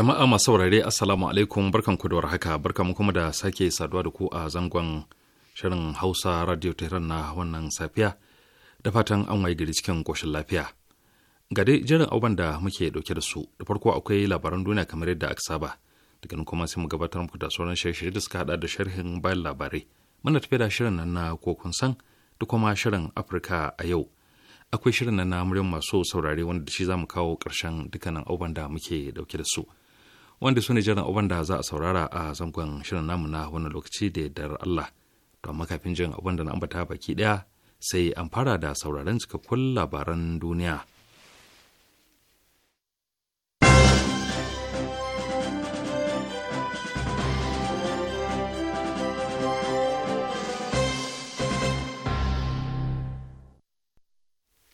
Jama'a masu saurare Assalamu alaikum barkan ku da warhaka barkan mu kuma da sake saduwa da ku a zangon shirin Hausa Radio Tehran na wannan safiya da fatan an waye gari cikin koshin lafiya. Ga dai jiran auban da muke dauke da su da farko akwai labaran duniya kamar yadda aka saba daga nan kuma sai mu gabatar muku da sauran shirye-shirye da suka hada da sharhin bayan labarai. Muna tafi da shirin nan na kokun san da kuma shirin Afirka a yau. Akwai shirin nan na muryar masu saurare wanda shi za mu kawo ƙarshen dukkanin auban da muke dauke da su. wanda su ne jiran abin da za a saurara a zangon shirin namu na wannan lokaci da yardar Allah. To amma kafin jin abin da na ambata baki ɗaya sai an fara da sauraron cikakkun labaran duniya.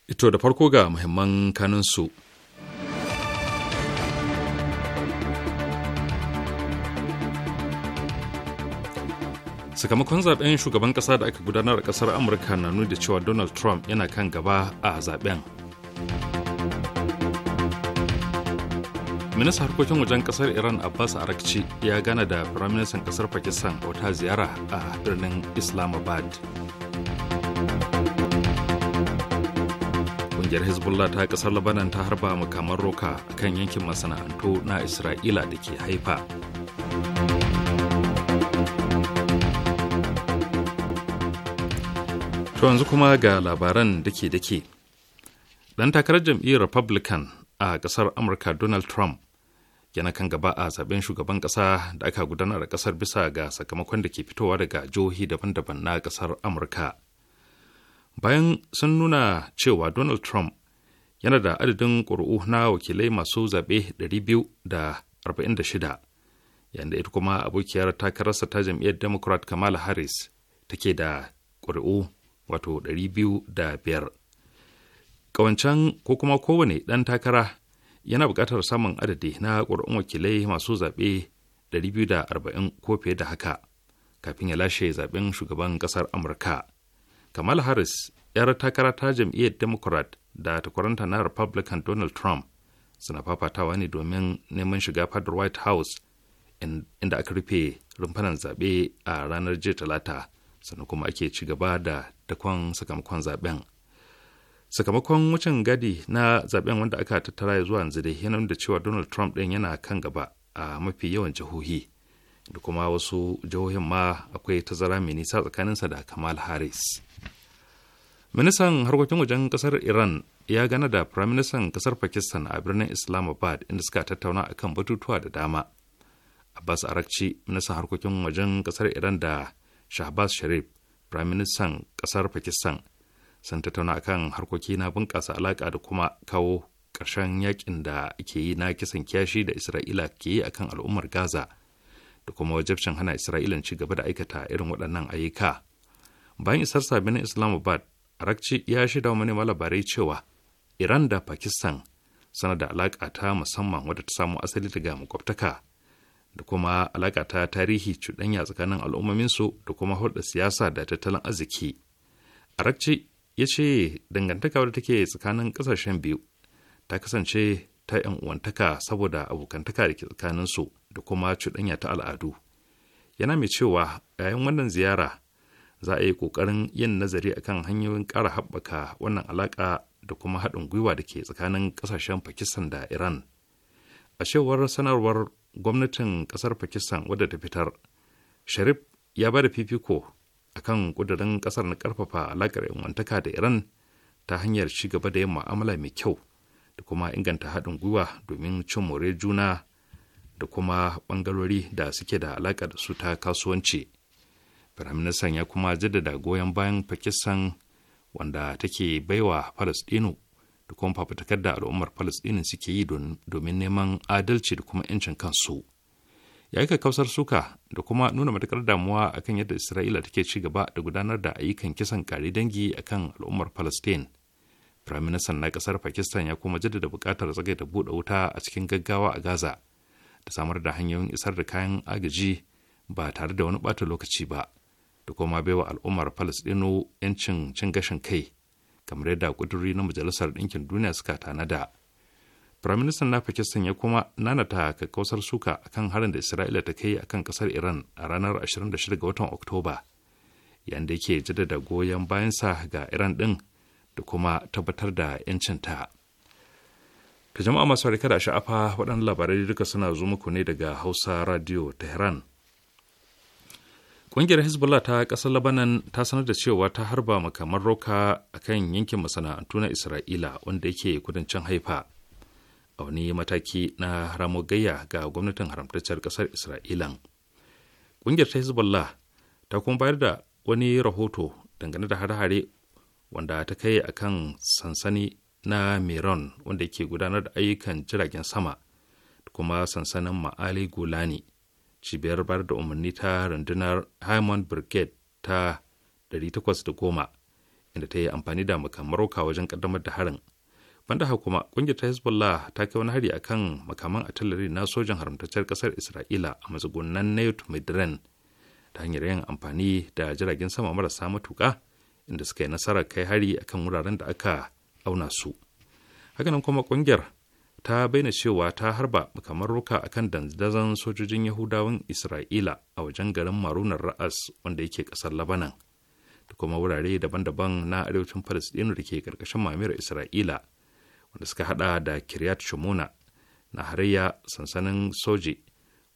Ito da farko ga muhimman kanunsu. su. sakamakon zaben shugaban kasa da aka gudanar a kasar amurka na nuni da cewa donald trump yana kan gaba a zaben minista harkokin wajen kasar iran abbas arakci ya gana da firaministan kasar pakistan wata ziyara a birnin islamabad kungiyar hezbollah ta kasar labanan ta harba makaman roka a kan yankin masana'antu na isra'ila da ke haifa To yanzu kuma ga labaran dake dake. Ɗan takarar jam'iyyar Republican a ƙasar Amurka Donald Trump yana kan gaba a zaben shugaban ƙasa da aka gudanar a ƙasar bisa ga sakamakon da ke fitowa daga jihohi daban-daban na ƙasar Amurka. Bayan sun nuna cewa Donald Trump yana da adadin ƙuri'u na wakilai masu zaɓe 246 yanda ita kuma abokiyar takararsa ta jam'iyyar Democrat Kamala Harris take da ƙuri'u wato biyu da biyar ƙawancen ko kuma kowane ɗan takara yana buƙatar samun adadi na ƙuri'un wakilai masu zaɓe biyu da arba'in ko fiye da haka kafin ya lashe zaɓen shugaban ƙasar amurka kamal harris 'yar takara ta jam'iyyar democrat da takwaranta na republican donald trump suna fafatawa ne domin neman shiga fadar white house inda aka rufe rumfanan zaɓe a ranar jiya talata sannan kuma ake ci gaba da da kwan sakamakon zaben sakamakon wucin gadi na zaben wanda aka tattara ya zuwa yanzu dai yana da cewa donald trump ɗin yana kan gaba a mafi yawan jihohi da kuma wasu jihohin ma akwai tazara mai nisa tsakaninsa da kamal harris ministan harkokin wajen kasar iran ya gana da firaministan kasar pakistan a birnin islamabad inda suka tattauna akan batutuwa da dama abbas arakci ministan harkokin wajen kasar iran da shahbaz sharif firaministan ƙasar pakistan sun tattauna kan harkoki na bunƙasa alaƙa da kuma kawo ƙarshen yakin da ke yi na kisan kiyashi da isra'ila ke yi akan al'ummar gaza da kuma wajabcin hana isra'ilan ci gaba da aikata irin waɗannan ayyuka bayan isar sabbin islamabad arakci ya shaida wa manema labarai cewa iran da pakistan sana da alaƙa ta musamman wadda ta samu asali daga makwabtaka da kuma alaƙa ta tarihi cuɗanya tsakanin su da kuma hulɗar siyasa da tattalin arziki. Arakci ya ce dangantaka wadda take tsakanin ƙasashen biyu ta kasance ta ‘yan uwantaka saboda abokantaka da ke tsakanin su da kuma cuɗanya ta al'adu. Yana mai cewa yayin wannan ziyara za a yi ƙoƙarin yin nazari akan hanyoyin ƙara haɓaka wannan alaƙa da kuma haɗin gwiwa da ke tsakanin ƙasashen Pakistan da Iran. A cewar sanarwar gwamnatin kasar pakistan wadda ta fitar sharif ya ba da fifiko a kan ƙudurin kasar na ƙarfafa alaƙar yanwantaka da iran ta hanyar ci gaba da yin mu'amala mai kyau da kuma inganta haɗin gwiwa domin cin more juna da kuma ɓangarori da suke da alaƙa da su ta kasuwanci firaministan ya kuma jaddada goyon bayan pakistan wanda take baiwa falasɗinu da kuma fafutakar da al'ummar Falasɗinin suke yi domin neman adalci da kuma 'yancin kansu. Ya yi kakkausar suka da kuma nuna matukar damuwa akan yadda Isra'ila take ci gaba da gudanar da ayyukan kisan kari dangi akan al'ummar Falasɗin. Firaministan na ƙasar Pakistan ya kuma jaddada buƙatar da buɗe wuta a cikin gaggawa a Gaza da samar da hanyoyin isar da kayan agaji ba tare da wani ɓata lokaci ba da kuma baiwa al'ummar Falasɗinu 'yancin cin gashin kai kamar yadda kuduri na majalisar ɗinkin duniya suka tanada firaministan na pakistan ya kuma nanata kakkausar suka kan harin da isra'ila ta kai akan kasar iran a ranar 26 ga watan oktoba yanda yake jaddada goyon bayansa ga iran ɗin da kuma tabbatar da 'yancinta ta jama'a masu harika da sha'afa waɗannan labarai duka suna zo muku ne daga hausa radio tehran Ƙungiyar Hezbollah ta ƙasar Labanan ta sanar da cewa ta harba makamar roka a kan yankin masana'antu na Isra'ila wanda yake kudancin haifa. A wani mataki na gayya ga gwamnatin haramtacciyar ƙasar Isra'ilan. Ƙungiyar ta Hezbollah ta kuma bayar da wani rahoto dangane da hare-hare wanda ta kai a kan sansani na Meron wanda ke gudanar da ayyukan jiragen sama da kuma sansanin Ma'ali Gulani. cibiyar bayar da umarni ta rundunar Hammond Brigade ta 810 inda ta yi amfani da makamar roka wajen kaddamar da harin. Banda haka kuma kungiyar ta Hezbollah ta kai wani hari akan makaman artillery na sojan haramtacciyar kasar Isra'ila a matsugunan Nayut Midran ta hanyar yin amfani da jiragen sama marasa matuka inda suka yi nasarar kai hari akan wuraren da aka auna su. Hakanan kuma kungiyar ta bayyana cewa ta harba makamar roka akan dandazon sojojin yahudawan isra'ila a wajen garin marunar ra'as wanda yake kasar labanan da kuma wurare daban-daban na arewacin palestine da ke karkashin mamayar isra'ila wanda suka hada da kiryat shimona na hariya sansanin soje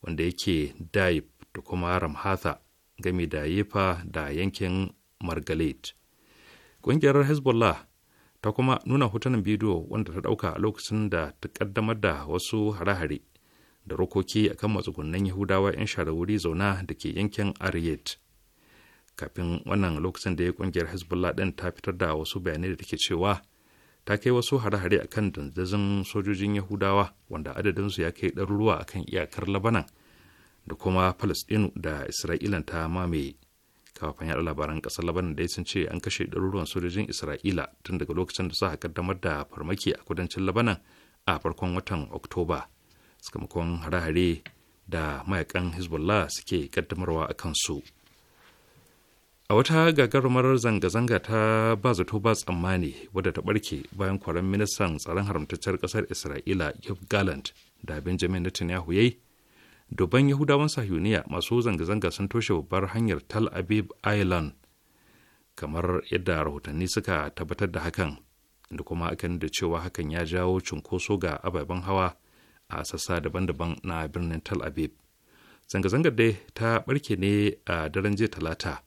wanda yake daib da kuma ramhatha game da yefa da yankin margalit ƙungiyar hezbollah ta kuma nuna hotunan bidiyo wanda ta ɗauka a lokacin da ta ƙaddamar da wasu hare-hare da rokoki a kan matsugunan yahudawa 'yan share wuri zauna da ke yankin ariyet kafin wannan lokacin da ya kungiyar hezbollah din ta fitar da wasu bayanai da take cewa ta kai wasu hare-hare a kan dandazin sojojin yahudawa wanda adadinsu ya kai ɗaruruwa a kan iyakar labanan da kuma palestinu da isra'ilan ta mamaye kafin yaɗa labaran ƙasar labanan dai sun ce an kashe ɗaruruwan sojojin isra'ila tun daga lokacin da suka kaddamar da farmaki a kudancin labanan a farkon watan oktoba sakamakon hare-hare da mayakan hezbollah suke kaddamarwa a kansu a wata gagarumar zanga-zanga ta ba zato ba tsammani wadda ta barke bayan kwaran ministan tsaron haramtaccen kasar isra'ila yuf galant da benjamin netanyahu yayi Duban Yahudawan Sahiyuniya masu zanga-zanga sun toshe babbar hanyar Tal Abib Island kamar yadda rahotanni suka tabbatar da hakan da kuma akan da cewa hakan ya jawo cunkoso ga ababen hawa a sassa daban-daban na birnin Tal Abib. Zanga-zangar dai ta barke ne a daren jiya talata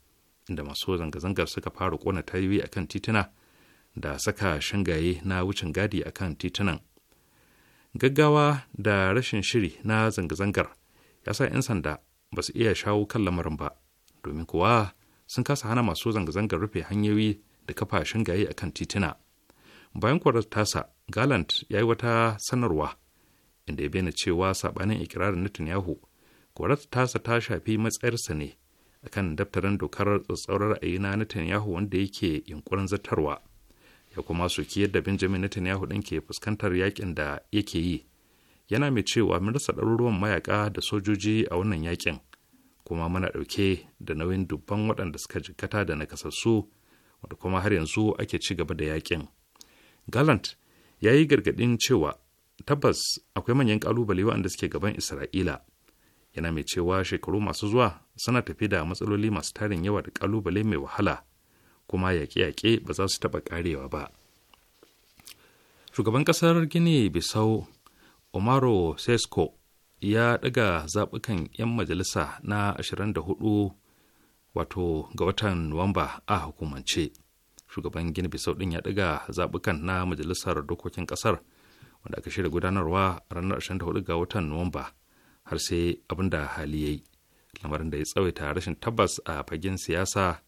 inda masu zanga-zangar suka fara kona tayoyi akan tituna da saka shingaye na wucin gadi akan titunan. Gaggawa da rashin shiri na zanga-zangar ya sa 'yan sanda ba su iya shawo kan lamarin ba domin kuwa sun kasa hana masu zanga-zangar rufe hanyoyi da kafa a kan titina bayan kwarar tasa galant ya yi wata sanarwa inda ya bayyana cewa sabanin ikirarin netanyahu kwarar tasa ta shafi matsayarsa ne akan daftarin dokar tsatsauran ra'ayi na netanyahu wanda yake yunkurin zartarwa ya kuma soki yadda benjamin netanyahu ɗin ke fuskantar yakin da yake yi yana mai cewa mun rasa ɗaruruwan mayaka da sojoji a wannan yakin kuma muna ɗauke da nauyin dubban waɗanda suka jikkata da nakasassu wanda kuma har yanzu ake ci gaba da yakin gallant ya yi gargaɗin cewa tabbas akwai manyan ƙalubale waɗanda suke gaban isra'ila yana mai cewa shekaru masu zuwa suna tafi da matsaloli masu tarin yawa da ƙalubale mai wahala kuma yaƙe-yaƙe ba za su taɓa ƙarewa ba shugaban ƙasar gini bisau omaro sesko ya daga zaɓukan 'yan majalisa na 24 wato ga watan nuwamba a hukumance shugaban gini bisau ɗin ya daga zaɓukan na majalisar dokokin ƙasar wanda aka shirya gudanarwa a ranar 24 ga watan nuwamba har sai abin da hali ya yi lamarin da ya tsawaita rashin tabbas a fagen siyasa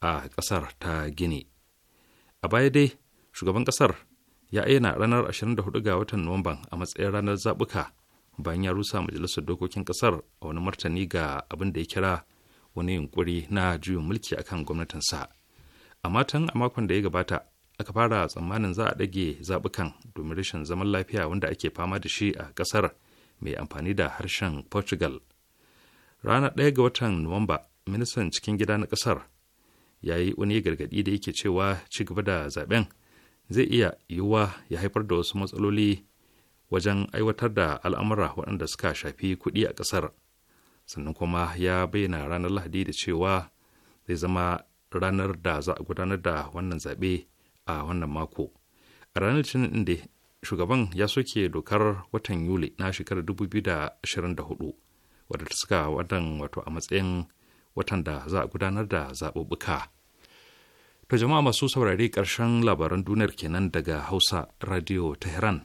a ƙasar ta gini a baya dai shugaban ƙasar ya aina ranar 24 ga watan nuwamban a matsayin ranar zaɓuka bayan ya rusa majalisar dokokin ƙasar a wani martani ga abin da ya kira wani yunkuri na juyin mulki akan gwamnatinsa amma tun a makon da ya gabata aka fara tsammanin za a ɗage zaɓukan domin rashin zaman lafiya wanda ake fama da shi a ƙasar mai amfani da harshen portugal ranar ɗaya ga watan nuwamba ministan cikin gida na ƙasar ya yi wani gargaɗi da yake cewa ci gaba da zaɓen zai iya yiwuwa ya haifar da wasu matsaloli wajen aiwatar da al'amura waɗanda suka shafi kuɗi a ƙasar sannan kuma ya bayyana ranar lahadi da cewa zai zama ranar da za a gudanar da wannan zaɓe a wannan mako a ranar cin da shugaban ya soke dokar watan yuli na shekarar 2024 wadda ta suka watan wato a matsayin watan da za a gudanar da zaɓuɓɓuka. To jama'a masu saurare ƙarshen labaran duniyar kenan daga Hausa Radio Tehran.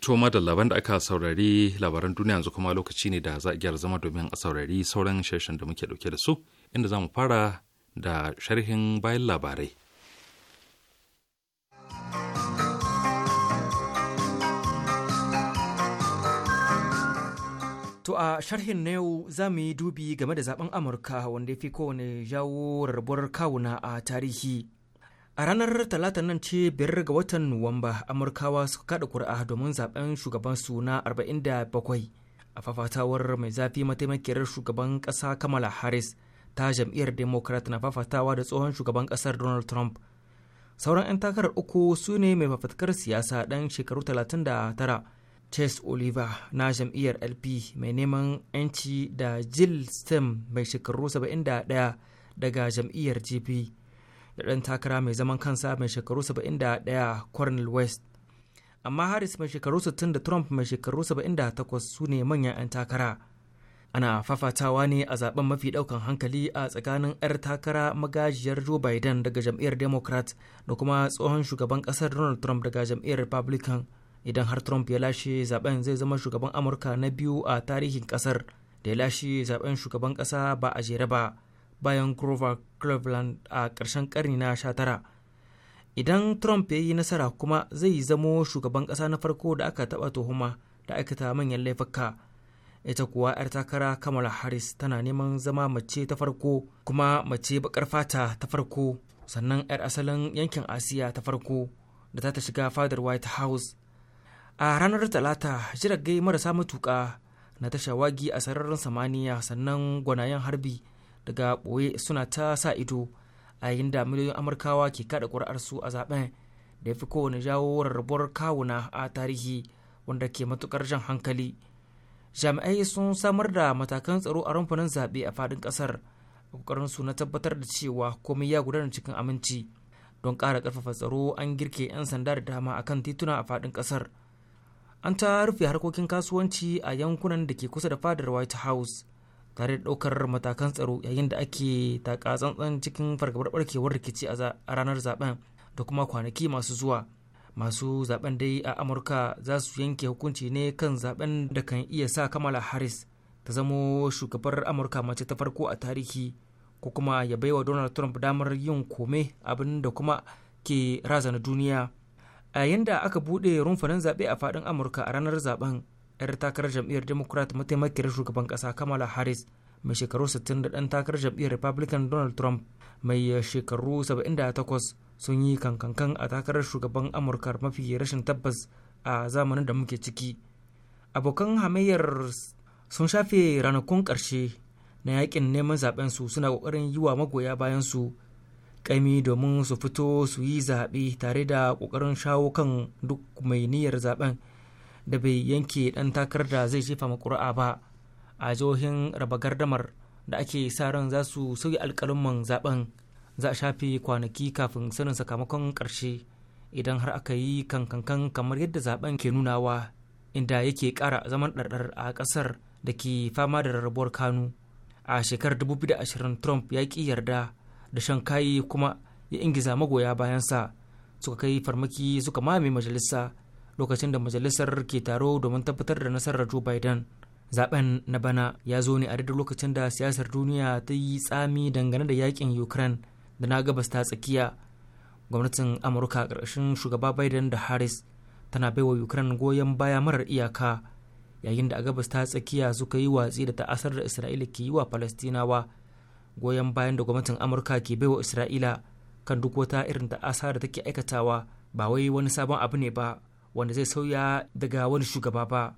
to da labaran da aka saurari labaran duniya yanzu kuma lokaci ne da za a gyara zama domin a saurari sauran shirshen da muke dauke da su inda za mu fara da sharhin bayan labarai. To a sharhin na yau za mu yi dubi game da zaben Amurka wanda ya fi kowane jawo rarrabuwar kawuna a tarihi. A ranar talata nan ce biyar ga watan Nuwamba Amurkawa suka kada kuri'a domin zaben shugaban arba'in da bakwai a fafatawar mai zafi mataimakiyar shugaban ƙasa Kamala Harris ta jam'iyyar democrat na fafatawa da tsohon shugaban kasar donald trump sauran 'yan takarar uku su ne mai fafatkar siyasa ɗan shekaru 39 chase oliver na jam'iyyar lp mai neman 'yanci da jill stem mai shekaru 71 daga jam'iyyar gp da ɗan takara mai zaman kansa mai shekaru 71 cornel west amma harris mai shekaru 60 da trump mai shekaru 78 su ne manyan 'yan takara ana fafatawa ne a zaben mafi daukan hankali a tsakanin 'yar takara magajiyar joe biden daga jam'iyyar democrat da kuma tsohon shugaban kasar donald trump daga jam'iyyar republican idan har trump ya lashe zaben zai zama shugaban amurka na biyu a tarihin kasar da ya lashe zaben shugaban kasa ba a jere ba bayan grover cleveland a karshen karni na 19 idan trump ya yi nasara kuma zai zamo shugaban kasa na farko da aka taɓa tuhuma da aikata manyan laifuka ita kuwa 'yar takara kamala harris tana neman zama mace ta farko kuma mace bakar fata ta farko sannan 'yar asalin yankin asiya ta farko da ta ta shiga fadar white house a ranar talata jirage marasa matuka na ta shawagi a sararin samaniya sannan gwanayen harbi daga boye suna ta sa ido a yin da miliyoyin amurkawa ke kada ƙuri'arsu a zaben da ya fi kowane jawo rarrabuwar kawuna a tarihi wanda ke matukar jan hankali jami'ai sun samar da matakan tsaro a rumfunan zaɓe a faɗin ƙasar a ƙoƙarin su na tabbatar da cewa komai ya gudana cikin aminci don ƙara ƙarfafa tsaro an girke 'yan sanda da dama akan tituna a faɗin ƙasar an ta rufe harkokin kasuwanci a yankunan da ke kusa da fadar white house tare da ɗaukar matakan tsaro yayin da ake taka tsantsan cikin fargabar barkewar rikici a ranar zaben da kuma kwanaki masu zuwa masu zaben dai a amurka za su yanke hukunci ne kan zaben da kan iya sa kamala harris ta zamo shugabar amurka mace ta farko a tarihi ko kuma ya baiwa donald trump damar yin kome abin da kuma ke razana duniya a da aka buɗe rumfanin zaɓe a faɗin amurka a ranar zaben yar takarar jam'iyyar democrat mataimakiyar shugaban ƙasa kamala harris mai shekaru 60 da ɗan takarar jam'iyyar republican donald trump mai shekaru 78 sun yi kankankan a takarar shugaban amurka mafi rashin tabbas a zamanin da muke ciki abokan hamayyar sun shafe ranakun ƙarshe na yakin neman zaben su suna ƙoƙarin yi wa magoya bayan su ƙaimi domin su fito su yi zaɓe tare da ƙoƙarin shawo kan duk mai niyyar zaben da bai yanke ɗan takarar da zai jefa makura'a ba a jihohin raba gardamar da ake sa ran za su sauya alƙalumman zaben za a shafe kwanaki kafin sanin sakamakon ƙarshe idan har aka yi kankankan kamar yadda zaben ke nunawa inda yake ƙara zaman ɗarɗar a ƙasar da ke fama da rarrabuwar kanu a shekarar 2020 trump ya ƙi yarda da shan kayi kuma ya ingiza magoya bayansa suka kai farmaki suka mame majalisa lokacin da majalisar ke taro domin tabbatar da nasarar joe biden zaben na bana ya zo ne a lokacin da siyasar duniya ta yi tsami dangane da yakin ukraine da na gabas ta tsakiya gwamnatin amurka ƙarƙashin shugaba biden da harris tana baiwa ukraine goyon baya marar iyaka yayin da a gabas ta tsakiya suka yi watsi da ta'asar da isra'ila ke yi wa falastinawa goyon bayan da gwamnatin amurka ke baiwa isra'ila kan duk wata irin ta'asa da take aikatawa ba wai wani sabon abu ne ba wanda zai sauya daga wani shugaba ba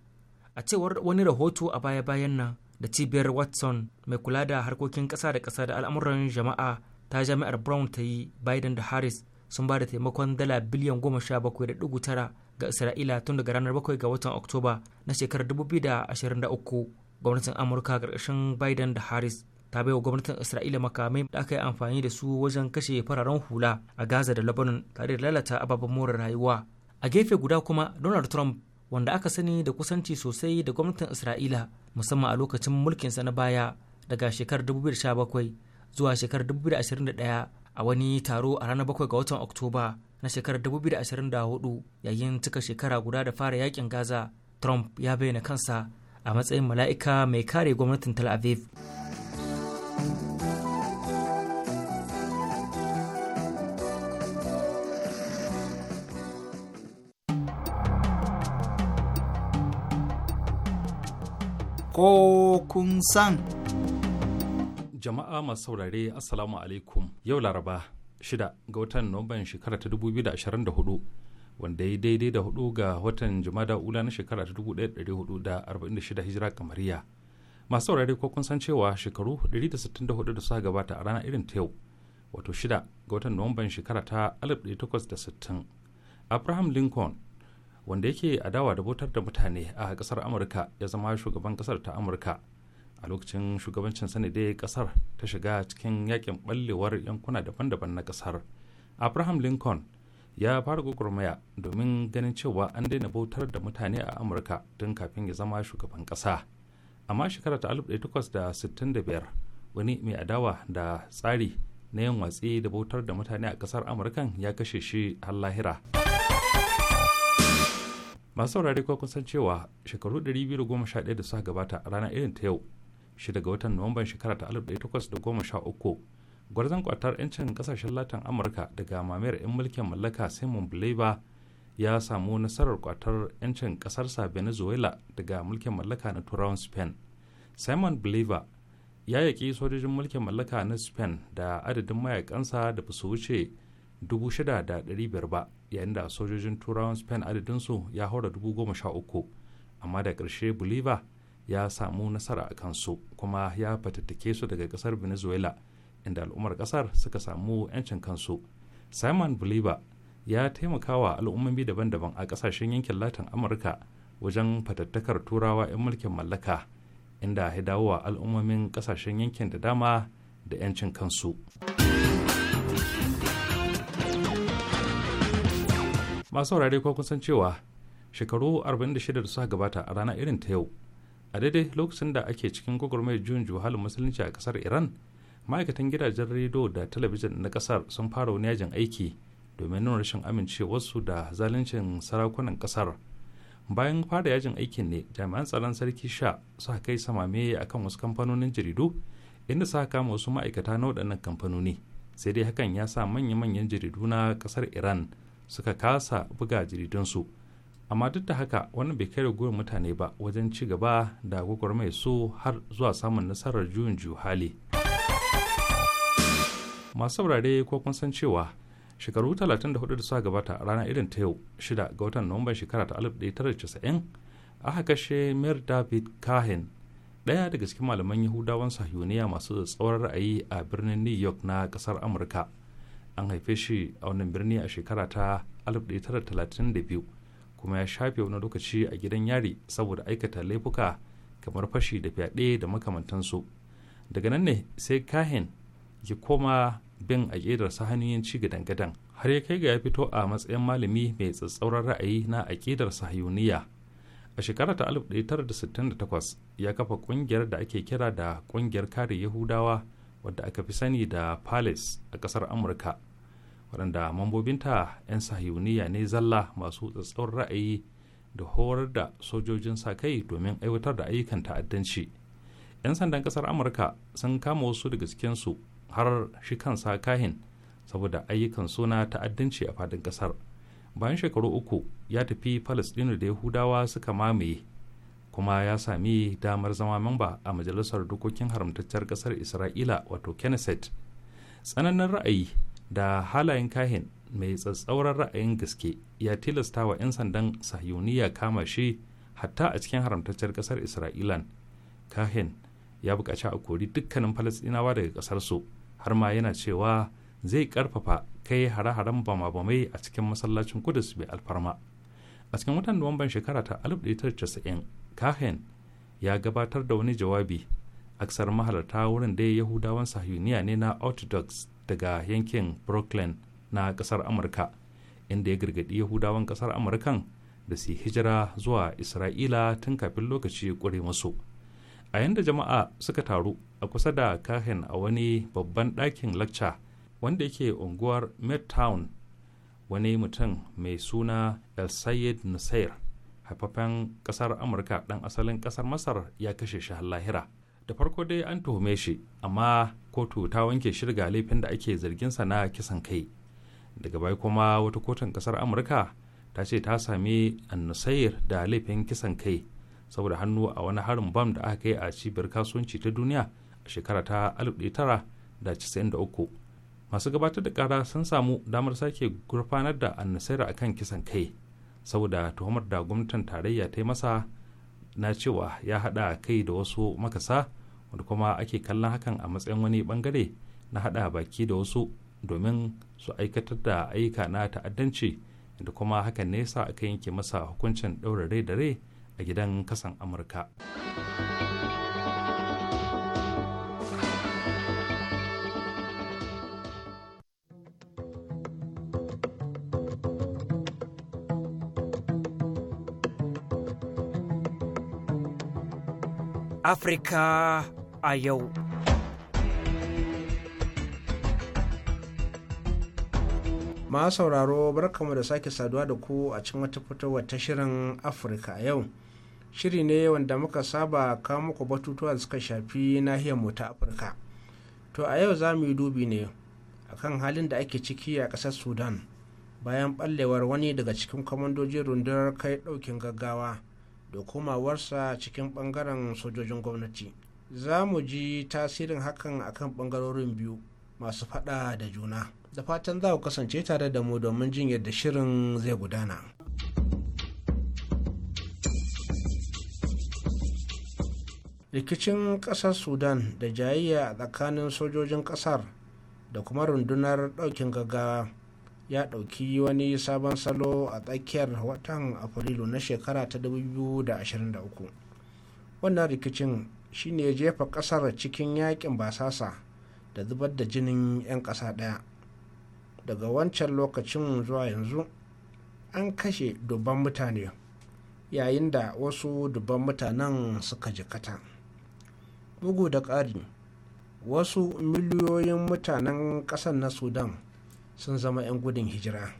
a cewar wani rahoto a baya-bayan nan da cibiyar watson mai kula da harkokin kasa da kasa da al'amuran jama'a ta jami'ar brown ta yi biden da harris sun ba da taimakon dala biliyan goma sha bakwai da dugu tara ga isra'ila tun daga ranar bakwai ga watan oktoba na shekarar dubu biyu da ashirin da uku gwamnatin amurka ƙarƙashin biden da harris ta baiwa gwamnatin isra'ila makamai da aka yi amfani da su wajen kashe fararen hula a gaza da lebanon tare da lalata ababen more rayuwa a gefe guda kuma donald trump wanda aka sani da kusanci sosai da gwamnatin isra'ila musamman a lokacin mulkinsa na baya daga shekarar 2017 zuwa shekarar 2021 a wani taro a ranar 7 ga watan Oktoba na shekarar 2024 yayin cika shekara guda da fara yakin Gaza, Trump ya bayyana kansa a matsayin mala'ika mai kare gwamnatin Tel Aviv. Ko kun san. Jama'a masu saurare Assalamu alaikum yau Laraba 6 ga watan Nuwamban shekara ta 2024 wanda ya daidai da hudu ga watan Jumada Ula na shekara ta 1446 Hijira kamariya. Masu saurare ko kun san cewa shekaru 164 da suka gabata a rana irin ta yau wato 6 ga watan Nuwamban shekara ta 1860. Abraham Lincoln wanda yake adawa da bautar da mutane a kasar Amurka ya zama shugaban kasar ta Amurka. a lokacin shugabancin sani dai kasar ta shiga cikin yakin ballewar yankuna daban-daban na kasar abraham lincoln ya fara gwagwarmaya domin ganin cewa an daina bautar da mutane a amurka tun kafin ya zama shugaban kasa amma shekara ta 1865 wani mai adawa da tsari na yin watsi da bautar da mutane a kasar amurkan ya kashe shi har lahira masu saurare ko kun san cewa shekaru 211 da suka gabata a ranar irin ta yau shida ga watan nuwamban shekara ta 1813 gwarzon kwatar 'yancin kasashen latin amurka daga mamayar 'yan mulkin mallaka simon bolivar ya samu nasarar kwatar 'yancin kasarsa venezuela daga mulkin mallaka na turawan spain simon bolivar ya yaƙi sojojin mulkin mallaka na spain da adadin mayakansa da su wuce 6,500 ba yayin da sojojin turawan spain adadinsu ya haura uku amma da ƙarshe bolivar ya samu nasara a kansu kuma ya fatattake su daga kasar venezuela inda al'ummar kasar suka samu 'yancin kansu simon bolivar ya taimaka wa al'ummomi daban-daban a kasashen yankin latin amurka wajen fatattakar turawa 'yan mulkin mallaka inda ya dawo wa al'ummomin kasashen yankin da dama da 'yancin kansu masu saurare ko kun san cewa shekaru 46 da suka gabata a rana irin ta yau a daidai lokacin da ake cikin gwagwarmayar juyin juhalin musulunci a kasar iran ma'aikatan gidajen rediyo da talabijin na kasar sun fara wani yajin aiki domin nuna rashin amincewarsu da zaluncin sarakunan kasar bayan fara yajin aikin ne jami'an tsaron sarki sha suka kai samame akan wasu kamfanonin jaridu inda suka kama wasu ma'aikata na waɗannan kamfanoni sai dai hakan ya sa manya-manyan jaridu na kasar iran suka kasa buga jaridunsu amma duk da haka wannan bai kai gurin mutane ba wajen ci gaba da mai so har zuwa samun nasarar juyin hali. masu saurare ko kun san cewa shekaru 34 da suka gabata rana irin ta yau 6 ga watan nuwamban shekara ta 1990 aka kashe mir david kahin ɗaya daga cikin malaman yahudawan sahiyoniya masu tsaurar ra'ayi a birnin new york na ƙasar amurka an haife shi a wannan birni a shekara ta 1932 kuma ya shafe wani lokaci a gidan yari saboda aikata laifuka kamar fashi da fyaɗe da makamantansu daga nan ne sai kahin ya koma bin a sa hanyoyin ci gadan gadan har ya kai ga ya fito a matsayin malami mai tsatsauran ra'ayi na aƙidar sahiyuniya a shekara ta 1968 ya kafa ƙungiyar da ake kira da ƙungiyar kare yahudawa wadda aka fi sani da palace a ƙasar amurka waɗanda mambobinta 'yan sahiyuniya ne zalla masu tsatsauran ra'ayi da horar da sojojin sa kai domin aiwatar da ayyukan ta'addanci 'yan sandan ƙasar amurka sun kama wasu daga cikinsu har shi kan sa kahin saboda ayyukan suna ta'addanci a fadin ƙasar bayan shekaru uku ya tafi palestino da yahudawa suka mamaye kuma ya sami damar zama mamba a majalisar dokokin haramtacciyar ƙasar isra'ila wato kenneset tsananin ra'ayi da halayen kahin mai tsatsauran ra'ayin gaske ya tilasta wa 'yan sandan sahiyoniya kama shi hatta a cikin haramtaccen kasar isra'ilan kahin ya buƙaci a kori dukkanin falastinawa daga ƙasarsu har ma yana cewa zai ƙarfafa kai hare-haren bama-bamai a cikin masallacin kudus bai alfarma a cikin watan nuwamban shekara ta 1990 kahin ya gabatar da wani jawabi aksar mahalarta wurin da yahudawan sahiyoniya ne na orthodox daga yankin brooklyn na kasar amurka inda ya gargaɗi yahudawan ƙasar amurkan da su hijira zuwa isra'ila tun kafin lokaci ƙure masu a yanda jama'a suka taru a kusa da kahin a wani babban ɗakin lacca wanda yake unguwar midtown wani mutum mai suna el sayed nusair haifafen ƙasar amurka ɗan asalin ƙasar masar ya kashe shi lahira da farko dai an tuhume shi amma kotu ta wanke shirga laifin da ake zargin sa na kisan kai daga baya kuma wata kotun kasar amurka ta ce ta sami annusayar da laifin kisan kai saboda hannu a wani harin bam da aka kai a cibiyar kasuwanci ta duniya a shekara ta 1993 masu gabatar da kara sun samu damar sake gurfanar da a akan kisan kai saboda tuhumar da gwamnatin tarayya ta yi masa na cewa ya haɗa kai da wasu makasa wanda kuma ake kallon hakan a matsayin wani bangare na hada baki da wasu domin su aikatar da ayyuka na ta'addanci da kuma hakan ne yasa aka yanke masa hukuncin ɗaura rai da rai a gidan kasan amurka Africa a yau. Ma sauraro barkamu da sake saduwa da ku a cikin wata fitowar ta shirin Afirka a yau. Shiri ne wanda muka saba kawo muku batutuwa da suka shafi nahiyar mu ta Afirka. To a yau za mu yi dubi ne akan halin da ake ciki a ƙasar Sudan bayan ɓallewar wani daga cikin kwamandojin rundunar kai ɗaukin gaggawa da komawarsa cikin ɓangaren sojojin gwamnati. za mu ji tasirin hakan akan bangarorin biyu masu fada da juna da fatan za ku kasance tare da mu domin jin yadda shirin zai gudana rikicin ƙasar sudan da jayayya a tsakanin sojojin ƙasar da kuma rundunar ɗaukin gaggawa ya ɗauki wani sabon salo a tsakiyar watan afrilu na shekara ta 2023 wannan rikicin shine ya jefa kasar cikin yakin basasa da zubar da jinin 'yan ƙasa ɗaya daga wancan lokacin zuwa yanzu an kashe dubban mutane yayin da wasu dubban mutanen suka jikata bugu da ƙari wasu miliyoyin mutanen ƙasar na sudan sun zama 'yan gudun hijira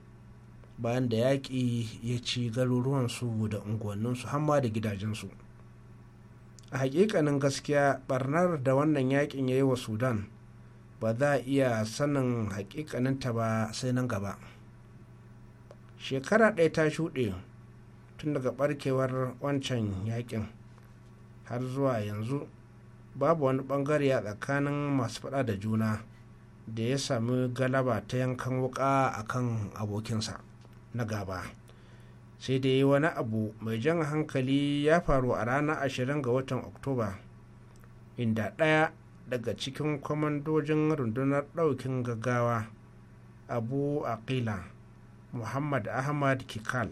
bayan da yaƙi ya ci garuruwansu da unguwanninsu hamma da gidajensu a hakikanin gaskiya barnar da wannan yakin ya yi wa sudan ba za a iya sanin hakikaninta ba sai nan gaba shekara ɗaya ta shuɗe tun daga ɓarkewar wancan yakin har zuwa yanzu babu wani ɓangare a tsakanin masu faɗa da juna da ya sami galaba ta yankan wuƙa kan abokinsa na gaba. sai da yi wani abu mai jan hankali ya faru a ranar ashirin ga watan oktoba inda ɗaya daga cikin kwamandojin rundunar ɗaukin gaggawa abu aqila muhammad ahmad kikal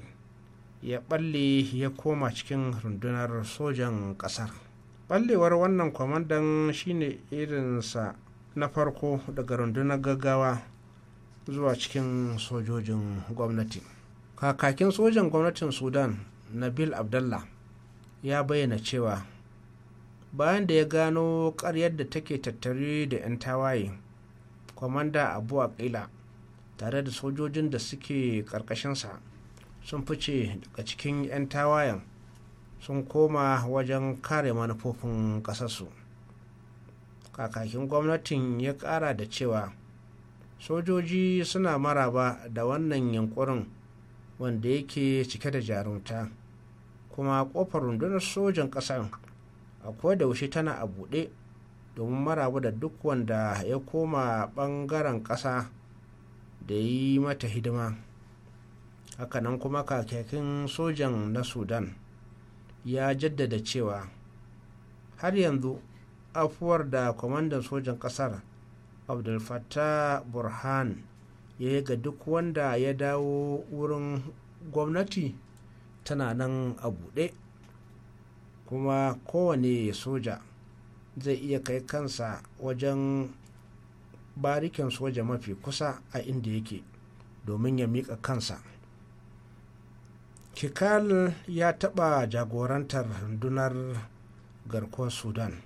ya balle ya koma cikin rundunar sojan ƙasar ballewar wannan kwamandan shine irinsa na farko daga rundunar gaggawa zuwa cikin sojojin gwamnati kakakin sojan gwamnatin sudan nabil abdullah ya bayyana cewa bayan da ya gano karyar da take tattare da 'yan tawaye kwamanda abu akila tare da sojojin da suke karkashinsa sun fice daga cikin 'yan tawayen sun koma wajen kare manufofin ƙasarsu kakakin gwamnatin ya ƙara da cewa sojoji suna maraba da wannan yankurin wanda yake cike da jarumta kuma kofar rundunar sojan ƙasar akwai da wushe tana a buɗe domin marabu da duk wanda ya koma ɓangaren ƙasa da yi mata hidima hakanan kuma kakakin sojan na sudan ya jaddada cewa har yanzu afuwar da kwamandan sojan ƙasar abdulfattah burhan ya ga duk wanda ya dawo wurin gwamnati tana nan a buɗe kuma kowane soja zai iya kai kansa wajen barikin soja mafi kusa a inda yake domin ya mika kansa kikal ya taɓa jagorantar rundunar garkuwar sudan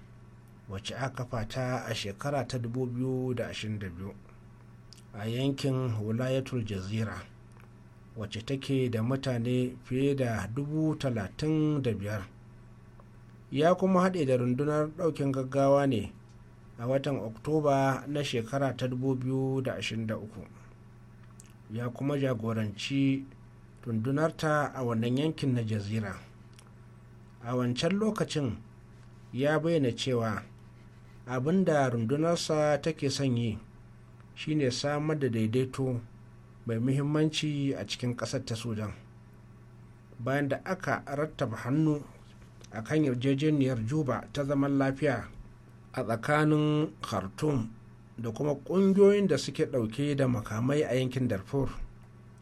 wacce aka fata a shekara ta 2022 a yankin wilayatul jazira wacce take da mutane fiye da dubu talatin da biyar ya kuma haɗe da rundunar ɗaukin gaggawa ne a watan oktoba na shekara ta 2023 ya kuma jagoranci rundunarta a wannan yankin na jazira a wancan lokacin ya bayyana cewa abin da rundunarsa take son yi shine samar da daidaito mai muhimmanci a cikin ƙasar ta sudan bayan da aka rattaba hannu a kan yarjejeniyar juba ta zaman lafiya a tsakanin khartoum da kuma ƙungiyoyin da suke ɗauke da makamai a yankin darfur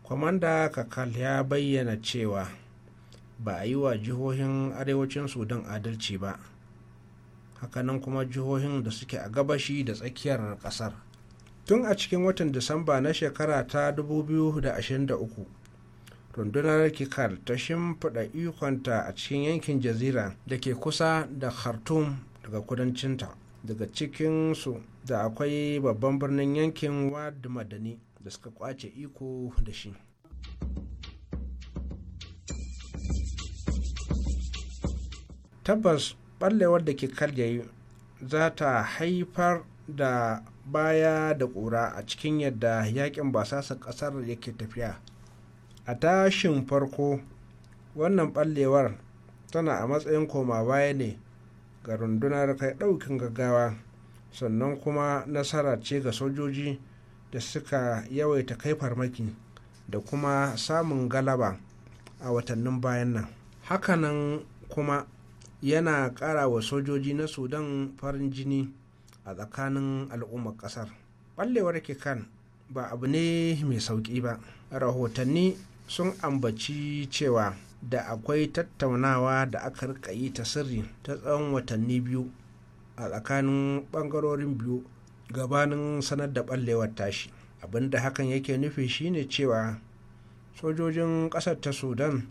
kwamanda kakal ya bayyana cewa ba a yi wa jihohin arewacin sudan adalci ba hakanan kuma jihohin da suke a gabashi da tsakiyar ƙasar tun a cikin watan disamba na shekara ta 2023 rundunar kikar ta shimfiɗa ikonta a cikin yankin jazira da ke kusa da khartoum daga kudancinta daga cikin su da akwai babban birnin yankin wad madani da suka kwace iko da shi tabbas ɓallewar da kikar yayi za ta haifar da baya da ƙura a cikin yadda yakin basasa ƙasar yake tafiya a tashin farko wannan ɓallewar tana a matsayin koma baya ne ga rundunar kai ɗaukin gaggawa sannan kuma nasara ce ga sojoji da suka yawaita kai farmaki da kuma samun galaba a watannin bayan nan hakanan kuma yana ƙara wa sojoji na sudan farin jini a tsakanin al'ummar ƙasar ɓallewar kikan ba abu ne mai sauƙi ba rahotanni sun ambaci cewa da akwai tattaunawa da aka rika yi ta sirri ta tsawon watanni biyu a tsakanin ɓangarorin biyu gabanin sanar da ɓallewar tashi abinda hakan yake nufi shine cewa sojojin ƙasar ta sudan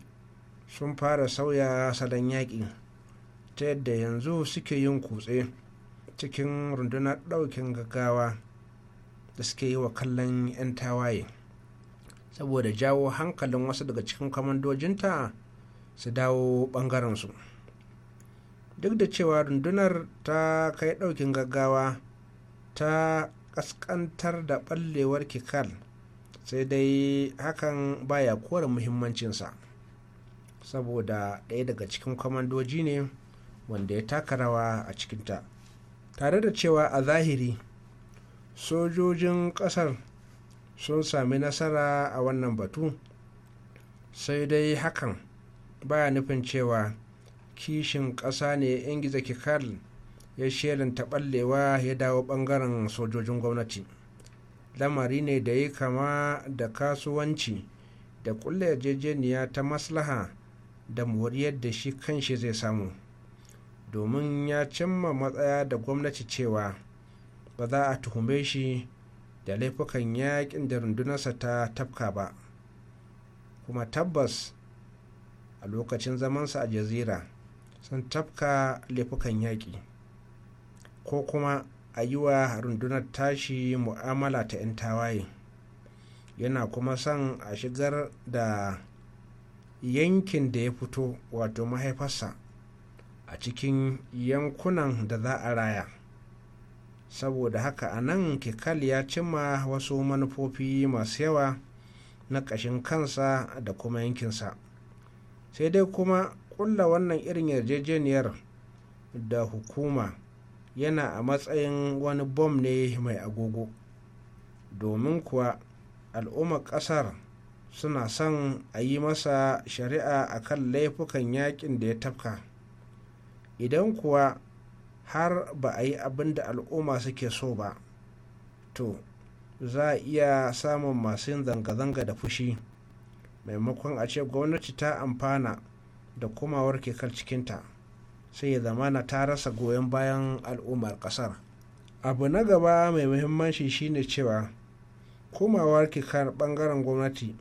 sun fara sauya salon yaƙi ta yadda yanzu suke yin kutse cikin rundunar ɗaukin gaggawa da suke yi wa kallon 'yan tawaye saboda jawo hankalin wasu daga cikin kwamandojinta su dawo ɓangarensu duk da cewa rundunar ta kai ɗaukin gaggawa ta ƙasƙantar da ɓallewar kikal sai dai hakan baya kore muhimmancinsa saboda ɗaya daga cikin kwamandoji ne wanda ya taka rawa a cikinta tare da cewa a zahiri sojojin ƙasar sun sami nasara a wannan batu sai dai hakan baya nufin cewa kishin ƙasa ne ingiza kikal ya shelanta ɓallewa ya dawo ɓangaren sojojin gwamnati lamari ne da ya kama da kasuwanci da kulle yarjejeniya ta maslaha da moriyar yadda shi kanshi zai samu domin ya cimma matsaya da gwamnati cewa ba za a tuhume shi da laifukan yakin da rundunarsa ta tafka ba kuma tabbas a lokacin zamansa a jazira sun tafka laifukan yaƙi ko kuma a yi wa rundunar tashi mu'amala ta 'yan tawaye yana kuma son a shigar da yankin da ya fito wato mahaifarsa a cikin yankunan da za a raya saboda haka a nan kikal ya cimma wasu manufofi masu yawa na ƙashin kansa da kuma yankinsa sai dai kuma ƙulla wannan irin yarjejeniyar da hukuma yana a matsayin wani bom ne mai agogo domin kuwa al'ummar ƙasar suna son a yi masa shari'a akan laifukan yakin da ya tafka idan kuwa har ba a yi abin da al'umma suke so ba to za a iya samun masu yin zanga-zanga da fushi maimakon a ce gwamnati ta amfana da komawar kekar cikinta sai ya zamana ta rasa goyon bayan al'ummar kasar abu na gaba mai muhimmanci shine cewa komawar kekar bangaren gwamnati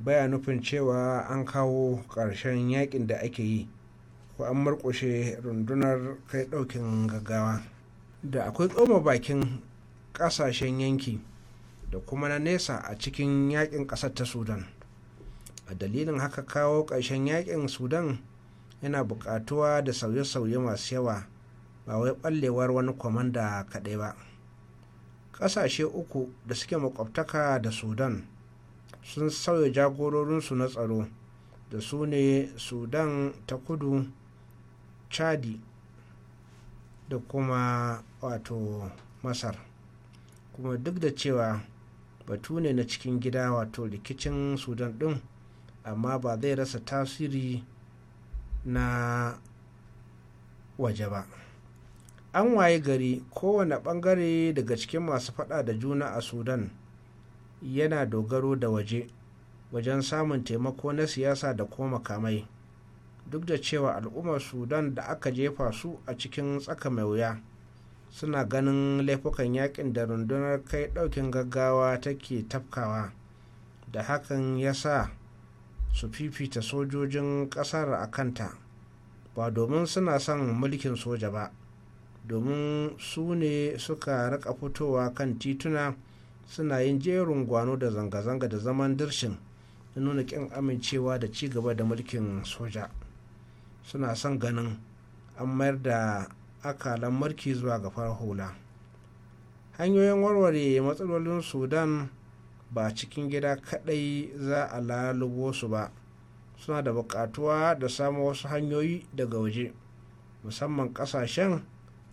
baya nufin cewa an kawo ƙarshen yakin da ake yi ko an murƙushe rundunar kai ɗaukin gaggawa da akwai tsoma bakin ƙasashen yanki da kuma na nesa a cikin yakin ƙasar ta sudan a dalilin haka kawo ƙarshen yakin sudan yana buƙatuwa da sauye-sauye masu yawa ba wai ɓallewar wani kwamanda kaɗai ba ƙasashe uku da suke makwabtaka da sudan sun sauya jagororinsu na tsaro da su ne sudan ta kudu chadi da kuma wato masar kuma duk da cewa batu ne na cikin gida wato rikicin sudan din amma ba zai rasa tasiri na waje ba an waye gari kowane bangare daga cikin masu fada da juna a sudan yana dogaro da waje wajen samun taimako na siyasa da kuma makamai duk da cewa al'ummar sudan da aka jefa su a cikin tsaka mai wuya suna ganin laifukan yakin da rundunar kai daukin gaggawa take tafkawa da hakan ya sa su fifita sojojin kasar a kanta ba domin suna son mulkin soja ba domin su ne suka rika fitowa kan tituna suna yin jerin gwano da zanga-zanga da zaman dirshin da nuna ƙin amincewa da ci gaba da mulkin soja suna son ganin an mayar da akalan mulki zuwa ga hula hanyoyin warware matsalolin sudan ba cikin gida kadai za a lalubo su ba suna da bukatuwa da samun wasu hanyoyi daga waje musamman kasashen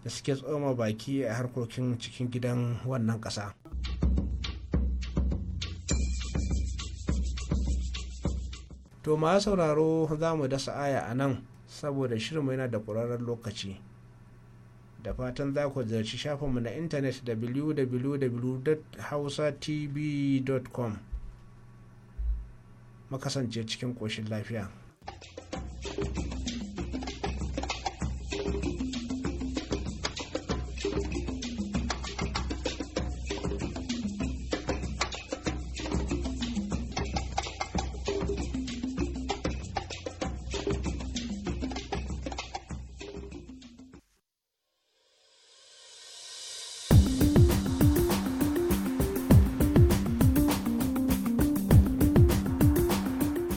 da suke tsoma baki a harkokin cikin gidan wannan kasa to ma sauraro za mu dasa aya a nan saboda shirinmu yana da ƙwararren lokaci da fatan za ku ziyarci shafinmu na intanet www.hausatv.com makasance cikin koshin lafiya. thank you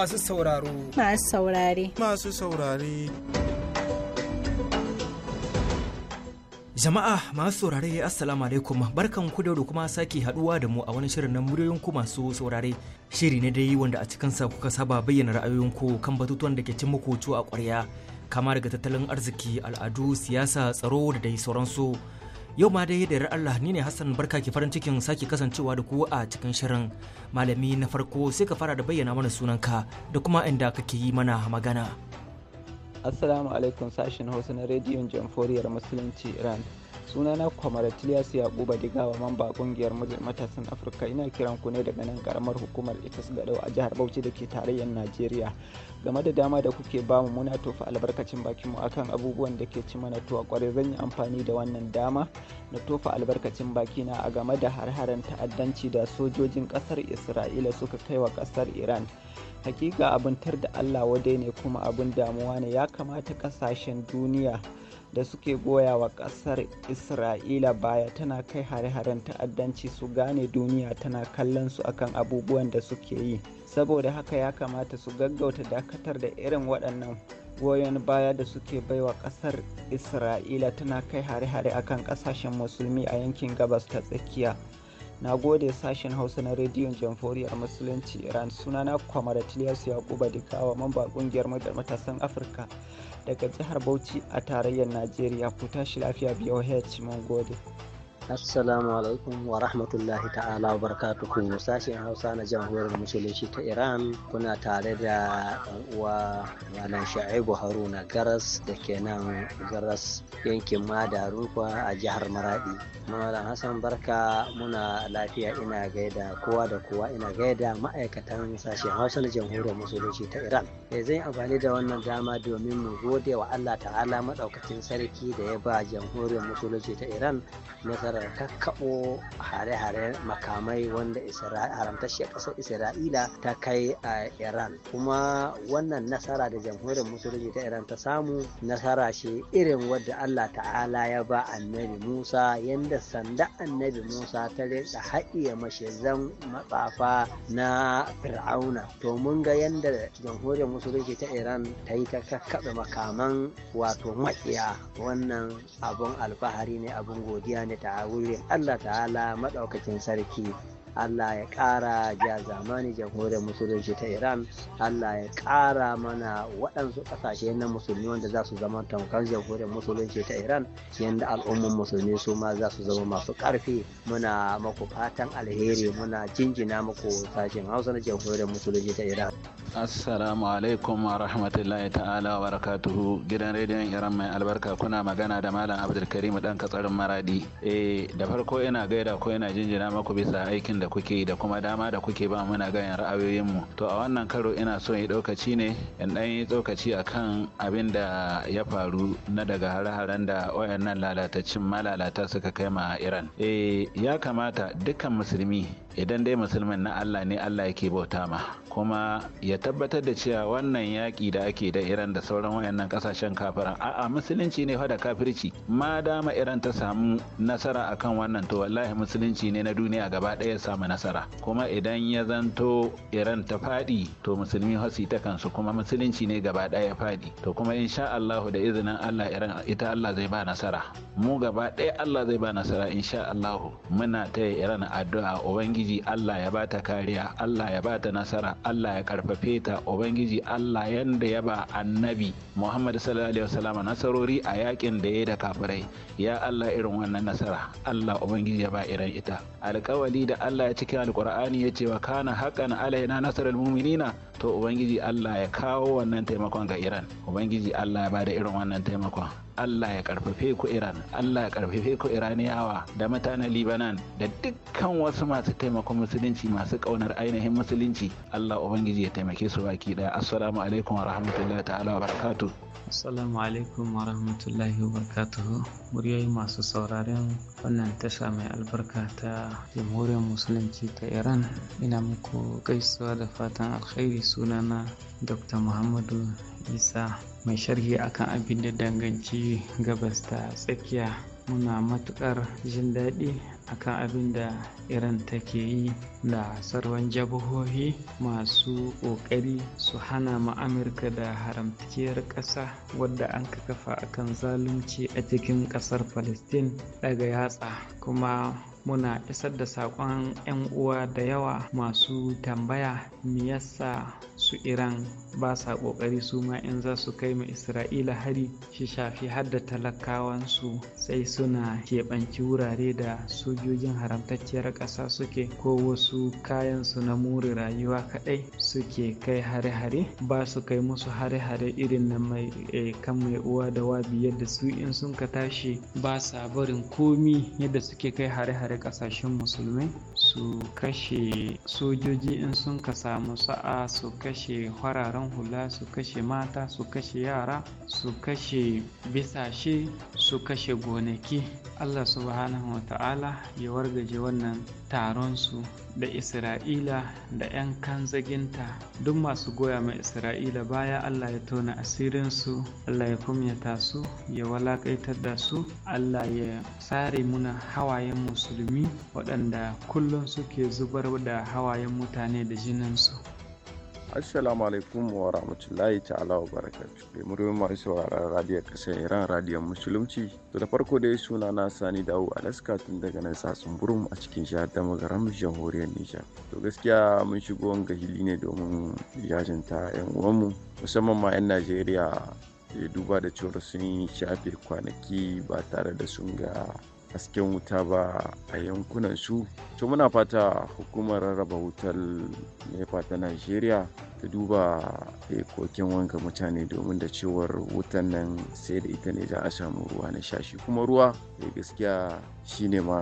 masu sauraro. Masu saurare. Masu saurare. Jama'a masu saurare Assalamu alaikum barkan ku da kuma sake haduwa da mu a wani shirin na muryoyin ku masu saurare. Shiri ne dai wanda a cikin sa kuka saba bayyana ra'ayoyin ra'ayoyinku kan batutuwan da ke cin muku a kwarya kama daga tattalin arziki, al'adu, siyasa, tsaro da dai sauransu. Yau ma dai da Allah ni ne Hassan barka ke farin cikin sake kasancewa da ku a cikin shirin malami na farko sai ka fara da bayyana mana sunanka da kuma inda kake yi mana magana. Assalamu alaikum sashen Hausa na rediyon Jamforiyar Musulunci Iran. sunana kwamar tiliyasu yakuba digawa mamba kungiyar matasan afirka ina kiran ku ne daga nan karamar hukumar itas gadau a jihar bauchi da ke tarayyar najeriya game da dama da kuke bamu muna tofa albarkacin bakinmu akan abubuwan da ke ci mana tuwa kwarai zan yi amfani da wannan dama na tofa albarkacin bakina a game da harharen ta'addanci da sojojin kasar isra'ila suka kai wa kasar iran hakika abin tar da allah wadai ne kuma abun damuwa ne ya kamata kasashen duniya da suke goya wa kasar isra'ila baya tana kai hare-haren ta'addanci su gane duniya tana kallon su akan abubuwan da suke yi saboda haka ya kamata su gaggauta dakatar da irin waɗannan goyon baya da suke baiwa ƙasar isra'ila tana kai hare-hare a kan ƙasashen musulmi a yankin gabas ta tsakiya na gode sashen hausa na rediyon jamhuri a musulunci iran sunana kwamara tiliyasu da dikawa mamba kungiyar matasan afirka daga jihar bauchi a tarayyar najeriya ku tashi lafiya h mun gode Assalamu alaikum wa rahmatullahi ta'ala wa barakatuhu sashen Hausa na jamhuriyar musulunci ta Iran kuna tare da ɗan uwa Malam Sha'ibu Haruna Garas da ke nan Garas yankin Madarufa a jihar Maradi. Malam Hassan Barka muna lafiya ina gaida kowa da kowa ina gaida ma'aikatan sashen Hausa na jamhuriyar musulunci ta Iran. E zan amfani da wannan dama domin mu gode wa Allah ta'ala maɗaukacin sarki da ya ba jamhuriyar musulunci ta Iran na nasarar kakkabo hare-haren makamai wanda haramtashiyar ƙasar isra'ila ta kai a iran kuma wannan nasara da jamhuriyar musulunci ta iran ta samu nasara ce irin wadda allah ta'ala ya ba annabi musa yadda sanda annabi musa ta rika haɗiye mashizan matsafa na fir'auna to mun ga yanda jamhuriyar musulunci ta iran ta yi ta kakkaɓe makaman wato maƙiya wannan abun alfahari ne abun godiya ne ta a wurin Allah ta'ala maɗaukakin sarki Allah ya ƙara ja zamani jamhuriyar musulunci ta Iran Allah ya ƙara mana waɗansu ƙasashe na musulmi wanda za su zama tamkar jamhuriyar musulunci ta Iran yadda al'ummar musulmi su ma za su zama masu ƙarfi muna maku fatan alheri muna jinjina maku sashen Hausa na jamhuriyar musulunci ta Iran. Assalamu alaikum wa rahmatullahi ta'ala wa barakatuhu gidan rediyon Iran mai albarka kuna magana da Malam Abdulkarim dan katsarin Maradi. Eh da farko ina gaida ko ina jinjina maku bisa aikin da kuke yi da kuma dama da kuke ba muna gayan ra'ayoyinmu to a wannan karo ina so yi ɗaukaci ne in ɗan yi tsokaci a kan abin da ya faru na daga har haren da wayannan lalatacin malalata suka kai ma iran eh ya kamata dukkan musulmi idan dai musulmin na Allah ne Allah yake bauta ma kuma ya tabbatar da cewa wannan yaƙi da ake da Iran da sauran wayannan kasashen kafiran a'a musulunci ne fa da kafirci ma dama Iran ta samu nasara akan wannan to wallahi musulunci ne na duniya gaba ɗaya samu nasara kuma idan ya zanto Iran ta faɗi to musulmi hasi ta kansu kuma musulunci ne gaba ɗaya faɗi to kuma insha Allah da izinin Allah Iran ita Allah zai ba nasara mu gaba ɗaya Allah zai ba nasara insha Allah muna taya Iran addu'a ubangiji ubangiji Allah ya bata kariya Allah ya bata nasara Allah ya karfafe ta ubangiji Allah yanda ya ba annabi Muhammad sallallahu alaihi wasallam nasarori a yakin da ya da kafirai ya Allah irin wannan nasara Allah ubangiji ya ba irin ita alkawali da Allah ya cikin alkur'ani ya ce wa kana haƙan alaina nasarar muminina to ubangiji Allah ya kawo wannan taimakon ga Iran ubangiji Allah ya ba da irin wannan taimakon Allah ya karfafe ku Iran Allah ya karfafe ku Iraniyawa da mutanen Libanan da dukkan wasu masu taimakon musulunci masu kaunar ainihin musulunci Allah ubangiji ya taimake su baki daya assalamu alaikum wa rahmatullahi ta'ala wa barakatu. Assalamu alaikum wa rahmatullahi wa barakatu. muryoyi masu sauraren wannan tasha mai albarka ta jamhuriyar musulunci ta Iran ina muku gaisuwa da fatan alkhairi sunana Dr. Muhammadu isa mai sharhi akan abin da danganci gabas ta tsakiya muna matukar jin daɗi akan abin da iran take yi da sarwan jabohohi masu ƙoƙari su hana ma amurka da haramtakiyar ƙasa wadda an kafa akan zalunci a cikin ƙasar palestine daga yatsa kuma muna isar da saƙon 'yan uwa da yawa masu tambaya me yasa su iran ba sa ƙoƙari su ma in za su kai ma isra'ila hari shi shafi har da talakawansu sai suna keɓanci wurare da sojojin haramtacciyar ƙasa suke ko wasu kayansu na more rayuwa kaɗai suke kai hare-hare ba su kai musu hare-hare irin na mai eh, kan mai uwa da wabi yadda su in sun ka tashi ba sa barin komi yadda suke kai hare-hare tare kasashen musulmai su kashe sojoji in sun ka samu sa'a su kashe hararen hula su kashe mata su kashe yara su kashe bisashe su kashe gonaki allah subhanahu wa ta'ala ya wargaje wannan taronsu da isra'ila da 'yan kan zaginta, duk masu goya mai isra'ila baya allah ya tona asirinsu allah ya kumyata su ya walakaitar da su allah ya tsare muna hawayen musulmi waɗanda kullum suke zubar da hawayen mutane da jininsu assalamu alaikum wa rahmatullahi ta'ala wa barakatu da muryoyin masu sauraron radiyar kasar iran radiyar musulunci to da farko dai suna na sani dawo alaska tun daga nan sasun burum a cikin jihar ta magaram jamhuriyar nijar to gaskiya mun shigo wani hili ne domin yajinta yan uwanmu musamman ma yan najeriya duba da cewar sun shafe kwanaki ba tare da sun ga hasken wuta ba a yankunan su to muna fata hukumar rarraba wutar nepa ta najeriya ka duba kokin wanka mutane domin da cewar wutan nan sai da ita ne za a samu ruwa na shashi kuma ruwa eh, gaskiya shine ma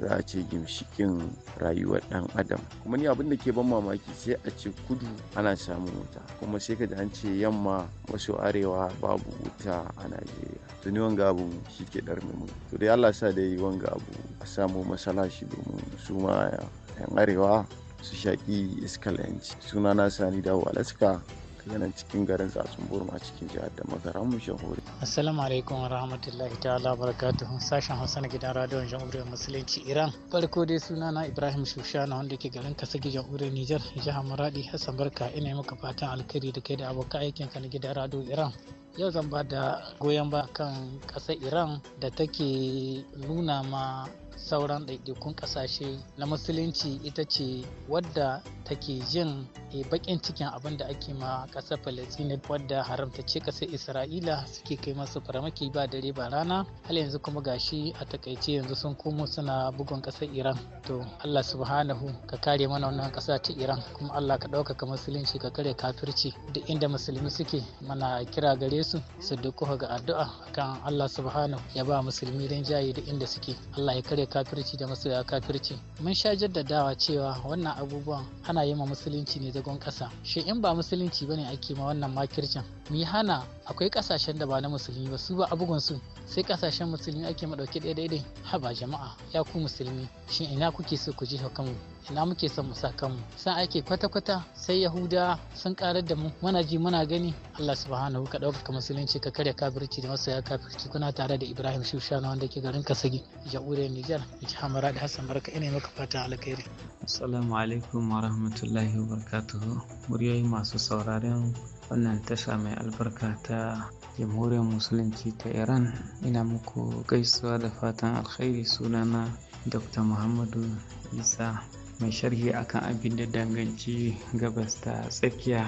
za a ce gimshikin rayuwar dan adam kuma ni abin da ke ban mamaki sai a ce kudu ana samun wuta kuma sai ka an ce yamma maso arewa babu wuta a najeriya to wanga abu shi ke dar mu to dai allah sa dai wanga abu a samu masalashi domin su ma yan arewa su shaƙi iskar yanci sunana sani dawo alaska nan cikin garin tsatsun burma cikin jihar da mu shahuri. Assalamu alaikum rahmatullahi ta'ala barakatuhu sashen Hausa na gidan radiyon jamhuriyar musulunci Iran. Farko dai na Ibrahim Shushana wanda ke garin gidan jamhuriyar Nijar jihar Maradi Hassan Barka ina maka fatan alkhairi da kai da abokan aikin ka na gidan radiyon Iran. Yau zan ba da goyon ba kan ƙasar Iran da take nuna ma sauran ɗaiɗaikun ƙasashe na musulunci ita ce wadda take jin e eh, bakin cikin abin da ake ma ƙasar palestina wadda ce ƙasar isra'ila suke kai masu faramaki ba dare ba rana hal yanzu kuma gashi a takaice yanzu sun komo suna bugun ƙasar iran to allah subhanahu ka kare mana wannan ƙasa ta iran kuma allah ka ɗaukaka musulunci ka kare kafirci duk inda musulmi suke mana kira gare su su duk ga addu'a kan allah subhanahu ya ba musulmi rinjaye duk inda suke allah ya kare kafirci da masoya kafirci mun sha jaddadawa cewa wannan abubuwan ana yi ma musulunci ne zagon ƙasa shi in ba musulunci bane ake ma wannan makircin mu hana akwai kasashen da ba na musulmi ba su ba abubuwan su sai kasashen musulmi ake madauke ɗaya daidai ba jama'a ya ku musulmi shin ina kuke so ku ji kanmu ina muke son mu sa kanmu san ake kwata-kwata sai yahuda sun karar da mu muna ji muna gani allah subhanahu ka ɗaukaka musulunci ka karya kafirci da masoya kafirci kuna tare da ibrahim shushana wanda ke garin kasagi jamhuriyar nijar ji hamara da hassan barka ina maka fata alkhairi assalamu alaikum wa rahmatullahi wa barakatuhu muryoyi masu sauraron wannan tasha mai albarka ta jamhuriyar musulunci ta iran ina muku gaisuwa da fatan alkhairi sunana dr muhammadu isa mai sharhi akan abin da danganci gabas ta tsakiya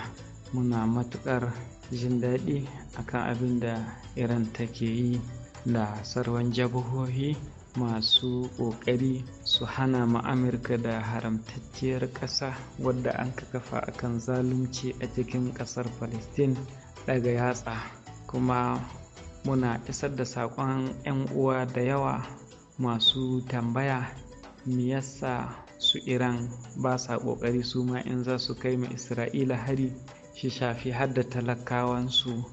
muna matukar jin daɗi akan abin da iran take yi da sarwan jabohohi masu ƙoƙari su hana ma amurka da haramtacciyar ƙasa wadda an ka kafa akan zalunci a cikin ƙasar palestine daga yatsa kuma muna isar da saƙon 'yan uwa da yawa masu tambaya me yasa su iran ba sa ƙoƙari su ma in za su kai ma isra'ila hari shi shafi hadda talakawansu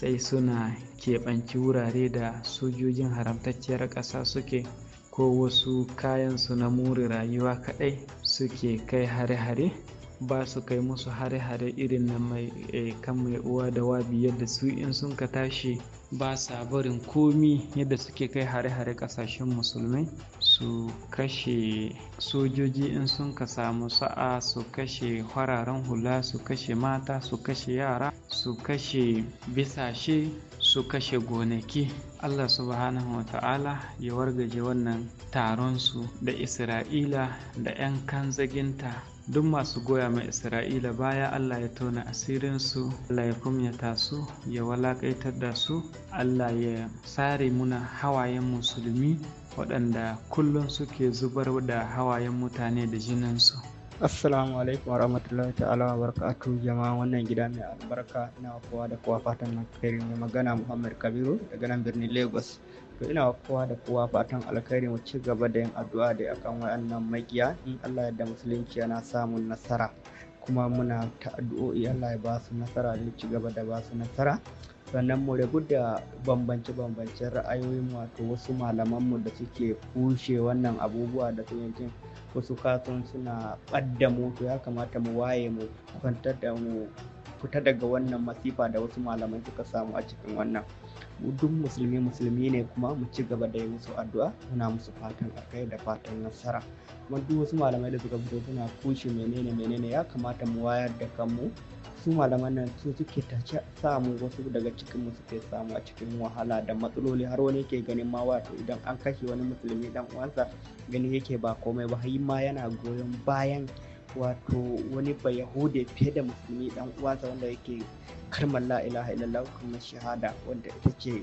sai suna keɓanci wurare da sojojin haramtacciyar ƙasa suke ko wasu kayansu na muri rayuwa kaɗai suke kai hare-hare ba su kai musu hare-hare irin na mai eh, kan mai uwa da wabi yadda su in sun ka tashi ba sa barin komi yadda suke kai hare-hare kasashen musulmai su kashe sojoji in sun ka samu sa'a su kashe hararen hula su kashe mata su kashe yara su kashe bisashe su kashe gonaki allah subhanahu wa ta'ala ya wargaje wannan taron su da isra'ila da 'yan kanzaginta duk masu goya mai isra'ila baya allah ya tona asirinsu allah ya kumyata su ya walakaitar da su allah ya sare muna hawayen musulmi waɗanda kullum suke zubar da hawayen mutane da jininsu assalamu alaikum warahmatullahi ta'ala wa barakatuh jama'a wannan gida mai albarka ina kowa da kowa fatan kairin mai magana muhammad kabiru daga nan birnin lagos to ina kowa da kowa fatan alkhairi mu ci gaba da yin addu'a da akan wayannan makiya in Allah ya da musulunci yana samun nasara kuma muna ta addu'o'i Allah ya ba su nasara da ci gaba da ba su nasara sannan mu rabu da bambance bambance ra'ayoyin wato wasu malamanmu da suke kushe wannan abubuwa da su yanke wasu kasan suna ɓadda mu to ya kamata mu waye mu kwantar da mu fita daga wannan masifa da wasu malamai suka samu a cikin wannan duk musulmi musulmi ne kuma mu ci gaba da yi musu addu'a muna musu fatan akai da fatan nasara kuma duk wasu malamai da suka fito suna kushe menene menene ya kamata mu wayar da kanmu su malaman nan su suke ta mu wasu daga cikin mu suke samu a cikin wahala da matsaloli har wani ke ganin ma wato idan an kashe wani musulmi dan uwansa gani yake ba komai ba har ma yana goyon bayan wato wani ba yahude fiye da musulmi dan uwansa wanda yake kalmar la ilaha illallah kalmar shahada wanda ita ce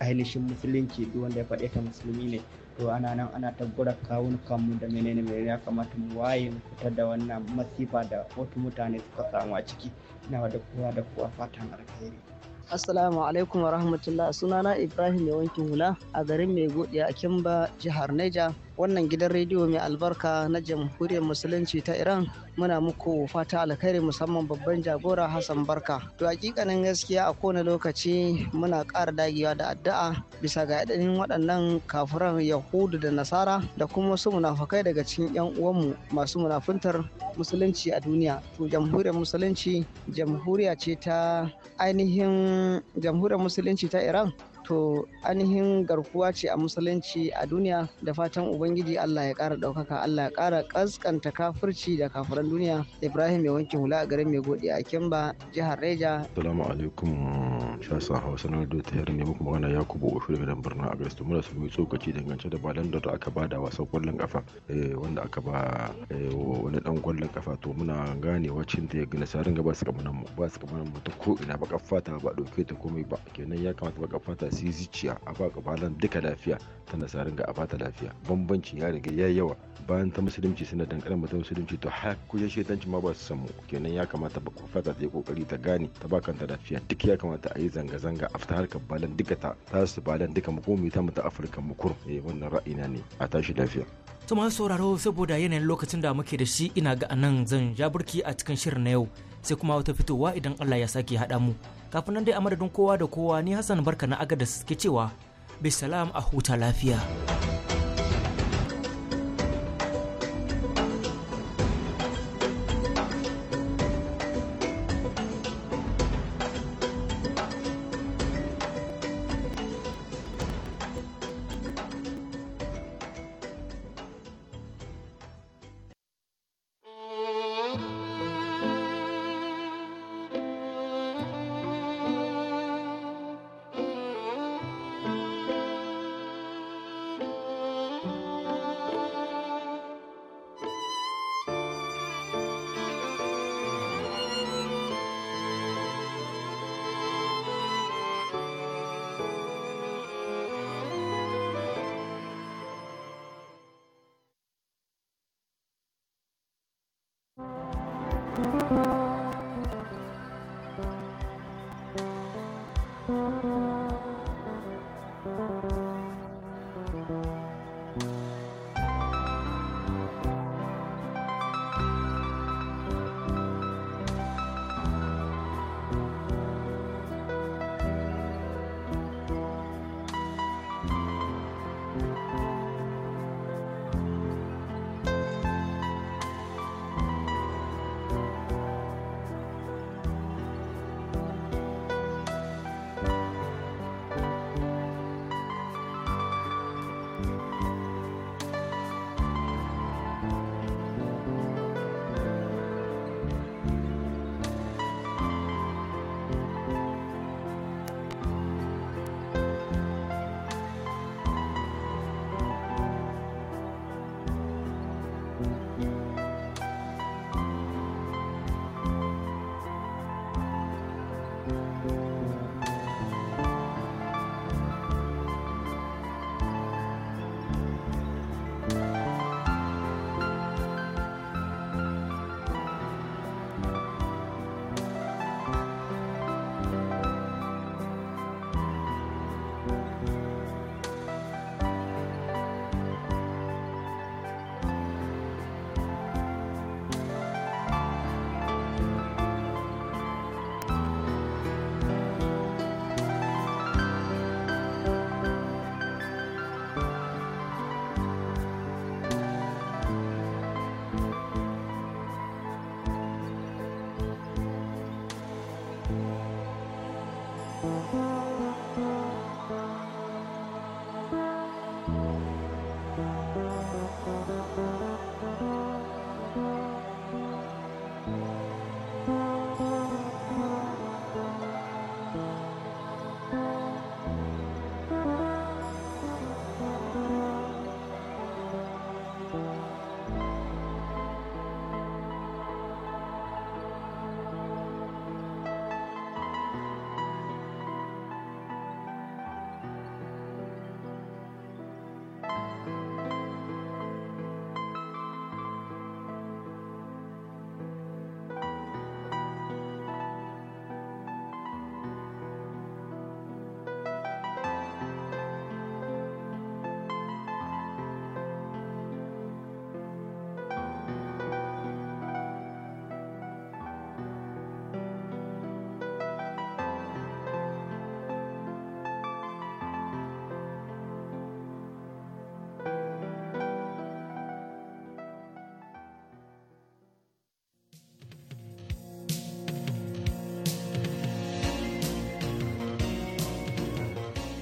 ainihin musulunci duk wanda ya faɗe ta musulmi ne to ana nan ana ta gura kawun kanmu da menene menene ya kamata mu waye mu fitar da wannan masifa da wasu mutane suka samu a ciki ina da kowa da kowa fatan alheri Assalamu alaikum wa rahmatullah sunana Ibrahim ya wanki hula a garin Mai Godiya a Kimba jihar Neja wannan gidan rediyo mai albarka na jamhuriyar musulunci ta iran muna muku fata alkhairi musamman babban jagora hassan barka to hakikanin gaskiya a kowane lokaci muna ƙara dagewa da addu'a bisa ga idanun waɗannan kafuran yahudu da nasara da kuma wasu munafukai daga cikin yan uwanmu masu munafuntar musulunci a duniya to jamhuriyar musulunci jamhuriya ce ta ainihin jamhuriyar musulunci ta iran wato ainihin garkuwa ce a musulunci a duniya da fatan ubangiji Allah ya kara ɗaukaka Allah ya kara kaskanta kafirci da kafiran duniya Ibrahim ya wanke hula a garin mai gode a Kimba jihar Reja. Assalamu alaikum shasa Hausa na da ta ne muku magana Yakubu Ushu daga birnin agnes to muna samu tsokaci dangance da balan da aka ba da wasan kwallon kafa eh, wanda aka ba eh, wani dan kwallon kafa to muna gane wacin da sarin gaba su kamar ba su kamar mutum ko ina ba kafata ba dauke ta komai ba kenan ya kamata ba kafata yi zuciya a ba kabalan duka lafiya ta nasarin ga a bata lafiya bambanci ya riga ya yawa bayan ta musulunci suna dankalin mata musulunci to har kuje shaitanci ma ba su samu kenan ya kamata ba fata ta yi kokari ta gane ta ba kanta lafiya duk ya kamata a yi zanga-zanga a fita harkar balan duka ta ta su balan duka mu komi ta mata afirka mu kur eh wannan na ne a tashi lafiya to masu sauraro saboda yanayin lokacin da muke da shi ina ga anan zan ja birki a cikin shirin na yau sai kuma wata fitowa idan Allah ya sake haɗa mu kafin nan dai a madadin kowa da kowa ni Hassan barka na agada suke cewa bisalam a huta lafiya. Bye.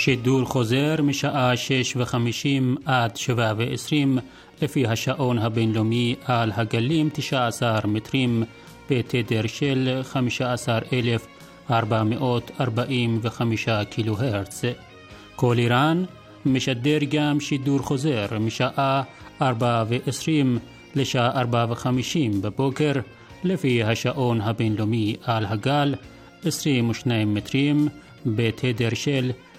שידור חוזר משעה וחמישים עד ועשרים לפי השעון הבינלאומי על הגלים 19 מטרים בתדר של 15,445 קילו הרץ. כל איראן משדר גם שידור חוזר משעה 4:20 לשעה 4:50 בבוקר לפי השעון הבינלאומי על הגל 22 מטרים בתדר של 15,445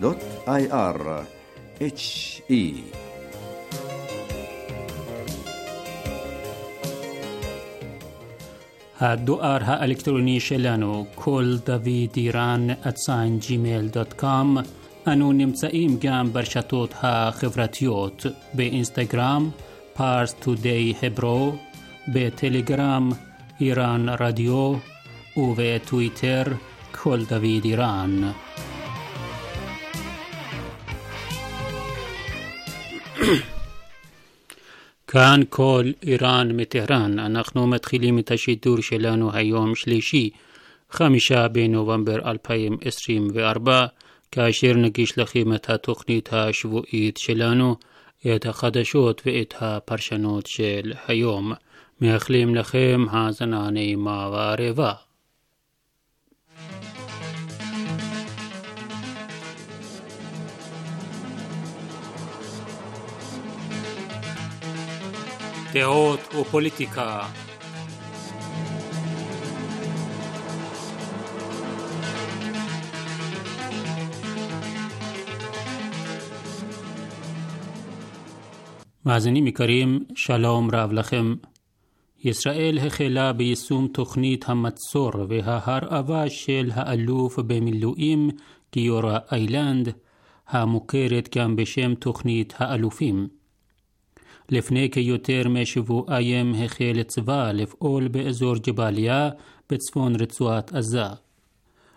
www.awr.ir he دوار ها الکترونیش کل دوید ایران اتسان جیمیل دات کام انو نمتسئیم گم برشتوت ها خفرتیوت به اینستاگرام پارس تو دی هبرو به تلگرام ایران رادیو و به تویتر کل دوید ایران כאן כל איראן מטהרן, אנחנו מתחילים את השידור שלנו היום שלישי, חמישה בנובמבר 2024, כאשר נגיש לכם את התוכנית השבועית שלנו, את החדשות ואת הפרשנות של היום. מאחלים לכם האזנה נעימה וערבה. דעות ופוליטיקה. מאזינים יקרים, שלום רב לכם. ישראל החלה ביישום תוכנית המצור וההרעבה של האלוף במילואים גיורא איילנד, המוכרת גם בשם תוכנית האלופים. לפני כיותר משבועיים החל צבא לפעול באזור ג'באליה בצפון רצועת עזה.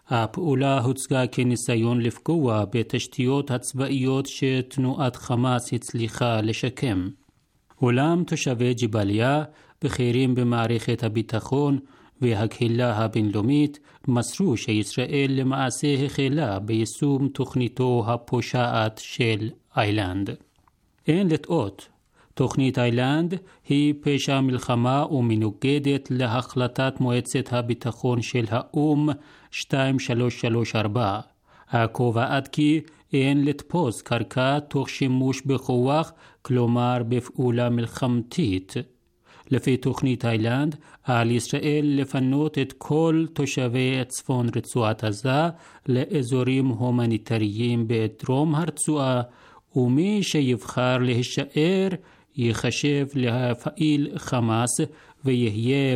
הפעולה הוצגה כניסיון לפגוע בתשתיות הצבאיות שתנועת חמאס הצליחה לשקם. אולם תושבי ג'באליה, בכירים במערכת הביטחון והקהילה הבינלאומית, מסרו שישראל למעשה החלה ביישום תוכניתו הפושעת של איילנד. אין לטעות, תוכנית איילנד היא פשע מלחמה ומנוגדת להחלטת מועצת הביטחון של האו"ם 2334, הקובעת כי אין לתפוס קרקע תוך שימוש בכוח, כלומר בפעולה מלחמתית. לפי תוכנית איילנד, על ישראל לפנות את כל תושבי צפון רצועת עזה לאזורים הומניטריים בדרום הרצועה, ומי שיבחר להישאר يخشف لها فائل خماس ويهيا